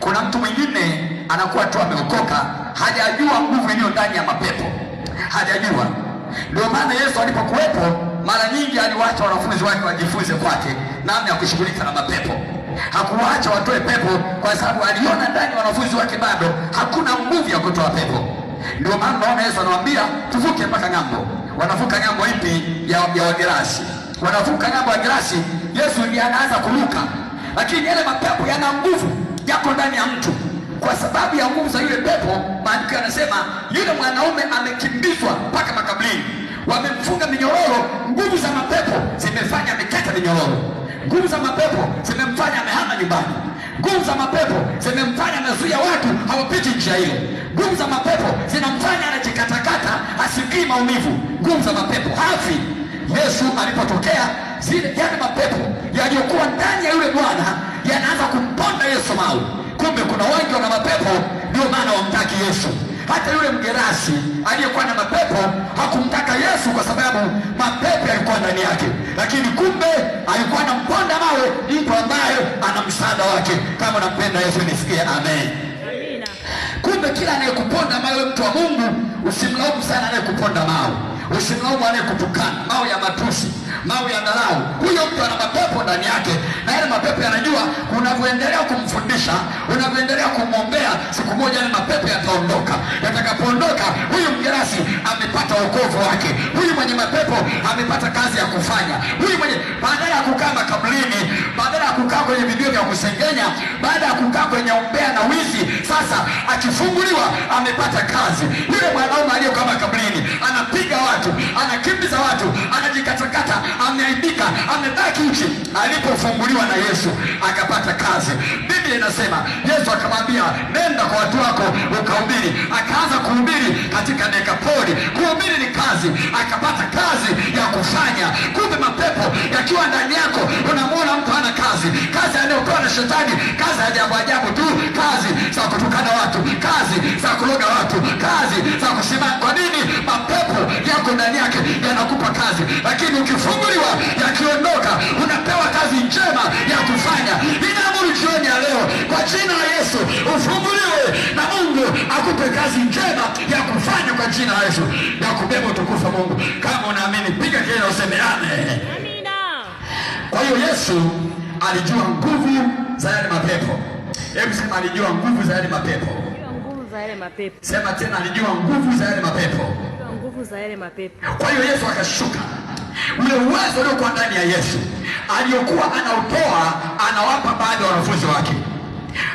Kuna mtu mwingine anakuwa tu ameokoka, hajajua nguvu iliyo ndani ya mapepo, hajajua. Ndio maana Yesu alipokuwepo mara nyingi aliwaacha wanafunzi wake wajifunze kwake namna ya kushughulika na mapepo. Hakuwaacha watoe pepo kwa sababu aliona ndani wanafunzi wake bado hakuna nguvu ya kutoa pepo. Ndio maana naona Yesu anawaambia tuvuke mpaka ng'ambo. Wanavuka ng'ambo ipi? Ya, ya Wagerasi. Wanavuka ng'ambo ya Gerasi, Yesu ndiye anaanza kuruka, lakini yale mapepo yana nguvu yako ndani ya mtu kwa sababu ya nguvu za yule pepo. Maandiko yanasema yule mwanaume amekimbizwa mpaka makaburini, wamemfunga minyororo. Nguvu za mapepo zimefanya amekata minyororo, nguvu za mapepo zimemfanya amehama nyumbani, nguvu za mapepo zimemfanya mazuia watu hawapiti njia hiyo. nguvu za mapepo zinamfanya anajikatakata, asikii maumivu, nguvu za mapepo hafi. Yesu alipotokea zile yale mapepo yaliyokuwa ndani ya yule bwana ndiye anaanza kumponda Yesu mau. Kumbe kuna wengi wana mapepo, ndio maana wamtaki Yesu. Hata yule mgerasi aliyekuwa na mapepo hakumtaka Yesu kwa sababu mapepo yalikuwa ndani yake, lakini kumbe alikuwa anamponda mawe mtu ambaye ana msaada wake. Kama unampenda Yesu nisikie amen. Kumbe kila anayekuponda mawe, mtu wa Mungu, usimlaumu sana anayekuponda mawe, usimlaumu anayekutukana mawe ya matusi mawe ya dalali. Huyo mtu ana mapepo ndani yake, na yale mapepo yanajua unavyoendelea kumfundisha, unavyoendelea kumwombea, siku moja yale mapepo yataondoka. Yatakapoondoka, huyu mgerasi amepata wokovu wake, huyu mwenye mapepo amepata kazi ya kufanya, huyu mwenye kwenye video vya kusengenya baada ya kukaa kwenye umbea na wizi. Sasa akifunguliwa amepata kazi. Yule mwanaume aliyo kama kablini anapiga watu, anakimbiza watu, anajikatakata, ameaibika, amebaki uchi. Alipofunguliwa na Yesu akapata kazi. Biblia inasema Yesu akamwambia, nenda kwa watu wako ukahubiri. Akaanza kuhubiri katika Dekapoli. Kuhubiri ni kazi, akapata kazi ya kufanya. Kumbe mapepo yakiwa ndani yako una na shetani, kazi ya ajabu ajabu tu, kazi za kutukana watu, kazi za kuloga watu, kazi za kushima. Kwa nini? Mapepo yako ndani yake yanakupa kazi, lakini ukifunguliwa, yakiondoka, unapewa kazi njema ya kufanya. Ninaamuru jioni ya leo kwa jina la Yesu ufunguliwe na Mungu akupe kazi njema ya kufanya kwa jina la Yesu ya kubeba utukufu Mungu. Kama unaamini piga kelele, useme amen. Kwa hiyo Yesu alijua nguvu za yale mapepo. Hebu sema alijua nguvu za yale mapepo. Sema tena alijua nguvu za yale mapepo. Kwa hiyo Yesu akashuka, ule uwezo uliokuwa ndani ya Yesu aliyokuwa anautoa anawapa baadhi ya wanafunzi wake,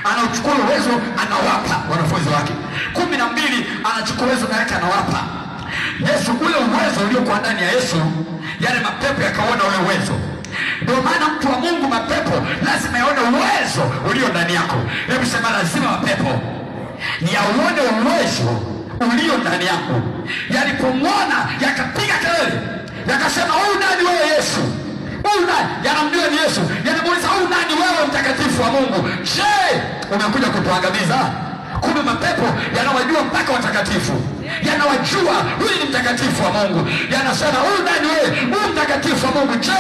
anauchukua uwezo anawapa wanafunzi wake kumi na mbili, anachukua uwezo na yake anawapa Yesu. Ule uwezo uliokuwa ndani ya Yesu, yale mapepo yakaona ule uwezo lazima yaone uwezo ulio ndani yako. Hebu sema, lazima mapepo yauone uwezo ulio ndani yako, yalipomwona yakapiga kelele, yakasema huyu nani wewe Yesu? Huyu nani? Yanamjua ni Yesu, yanamuuliza huyu nani wewe, mtakatifu wa Mungu? Je, umekuja kutuangamiza? Kumbe mapepo yanawajua mpaka watakatifu, yanawajua huyu ni mtakatifu wa Mungu, yanasema huyu nani wewe, huyu mtakatifu wa Mungu. Je,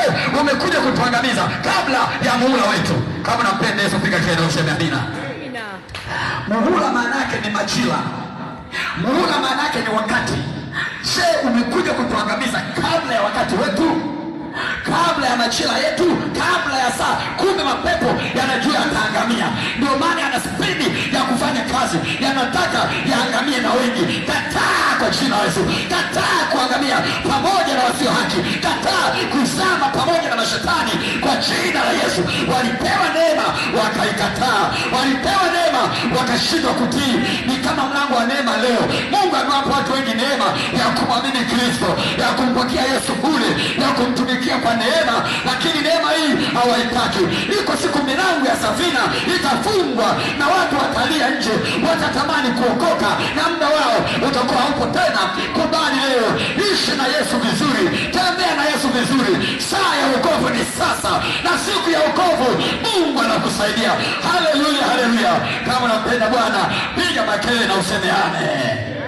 umekuja kutuangamiza kabla ya muhula wetu? Kama nampenda Yesu, piga kelele useme amina. Muhula maana yake ni majira, muhula maana yake ni wakati. Je, umekuja kutuangamiza kabla ya wakati wetu kabla ya majira yetu, kabla ya saa. Kumbe mapepo yanajua yataangamia, ndio maana yana spidi kazi yanataka yaangamie na wengi. Kataa kwa jina la Yesu, kataa kuangamia pamoja na wasio haki, kataa kuzama pamoja na mashetani kwa jina la Yesu. Walipewa neema wakaikataa, walipewa neema wakashindwa kutii. Ni kama mlango wa neema leo. Mungu amewapa watu wengi neema ya kumwamini Kristo, ya kumpokea Yesu bure, ya kumtumikia kwa neema hawaipati Iko siku milango ya safina itafungwa na watu watalia nje, watatamani kuokoka na mda wao utakuwa haupo tena. Kubali leo, ishi na Yesu vizuri, tembea na Yesu vizuri. Saa ya wokovu ni sasa, na siku ya wokovu Mungu anakusaidia. Haleluya, haleluya! Kama unampenda Bwana piga makelele na usemeane.